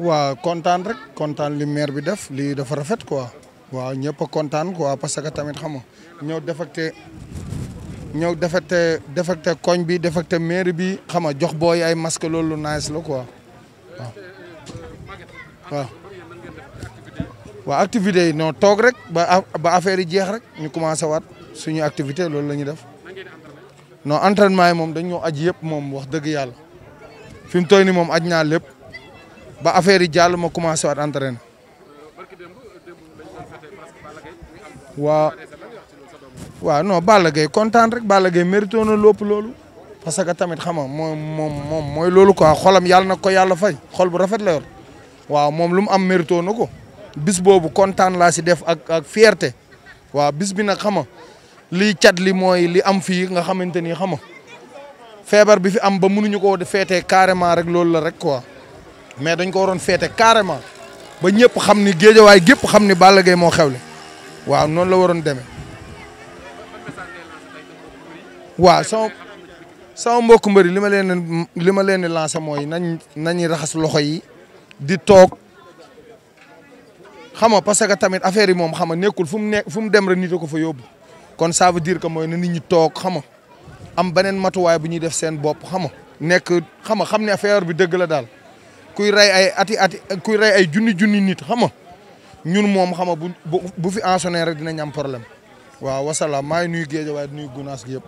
waaw kontaan rek kontaan li maire bi def lii dafa rafet quoi waaw ñëpp a kontaan quoi parce que tamit xam nga ñëw defacte ñëw defacte defacte koñ bi defacte maire bi xam nga jox booy ay masque loolu lu nice la quoi waaw waaw yi non toog rek ba ba affaire yi jeex rek ñu commencé waat suñu activité loolu la ñuy def non entraînement yi moom dañoo aj yëpp moom wax dëgg yàlla fi mu toll nii moom aj naa lépp ba affaire yi jàll ma commencé waat entraîné waaw waaw non Balla Gaye kontaan rek Balla Gaye mérité na lépp loolu parce que tamit xam nga moom moom moom mooy loolu quoi xolam yàlla na ko yàlla fay xol bu rafet la yor waaw moom lu mu am mérité na ko bis boobu kontaan laa si def ak ak fierté waaw bis bi nag xama nga liy cat li mooy li am fii nga xamante ni xam nga feebar bi fi am ba mënuñu koo feete carrément rek loolu la rek quoi mais dañ ko waroon féete carrément ba ñëpp xam ni géejawaay gépp xam ni bala Gaye moo xewle waaw noonu la waroon demee waaw sama sama mbokk mbari li ma leen li ma leen di lancé mooy nañ nañuy raxas loxo yi di toog xam nga parce que tamit affaire yi moom xam nga nekkul fu mu nekk fu mu dem rek nit a ko fa yóbbu kon ça veut que mooy na nit ñi toog xama nga am beneen matuwaay bu ñuy def seen bopp xama nekk xam nga xam ne affaire bi dëgg la daal kuy rey ay ati ati kuy rey ay junni junni nit xama ñun moom xam bu bu fi ensonné rek dinañ am problème waaw wasalaam maa ngi nuyu géej waaye nuyu gunaas gi yëpp.